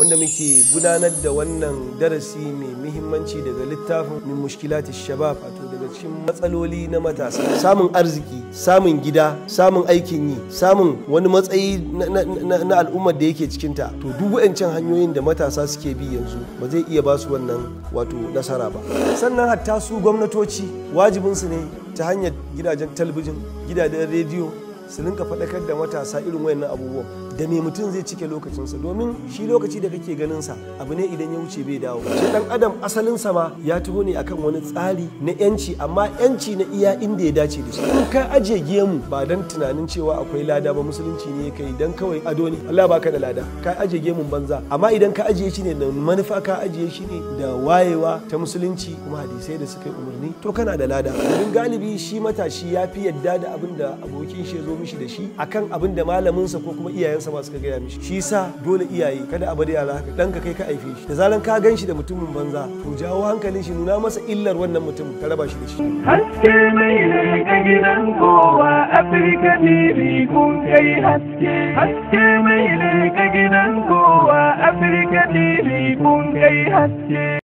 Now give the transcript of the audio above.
wanda muke gudanar da wannan darasi mai muhimmanci daga littafin min mushkilati shabab wato daga cikin matsaloli na matasa samun arziki samun gida samun aikin yi samun wani matsayi na al'ummar da yake cikin ta to duk wa'ancan hanyoyin da matasa suke bi yanzu ba zai iya ba su wannan wato nasara ba sannan hatta su gwamnatoci wajibin su ne ta hanyar gidajen talabijin gidajen rediyo su rinka faɗakar da matasa irin wayannan abubuwan da mai mutum zai cike lokacinsa domin shi lokaci da kake ganin sa abu ne idan ya wuce bai dawo shi dan adam asalin sa ma ya taho ne akan wani tsari na yanci amma yanci na iya inda ya dace da shi in ka aje gemu ba dan tunanin cewa akwai lada ba musulunci ne kai dan kawai ado ne Allah baka da lada ka aje gemun banza amma idan ka ajiye shi ne da manufa ka ajiye shi ne da wayewa ta musulunci kuma hadisai da suka yi umarni to kana da lada domin galibi shi matashi ya fi yadda da abinda abokin shi ya zo mishi da shi akan abin da malaminsa ko kuma iyayensa sama suka gaya mishi shi sa dole iyaye kada a bari yara haka danka kai ka haife shi da zaran ka gan shi da mutumin banza to jawo hankalin shi nuna masa illar wannan mutum ka raba shi da shi haske mai leƙa gidan kowa afirka tv kun kai haske haske mai leƙa gidan kowa afirka tv kun kai haske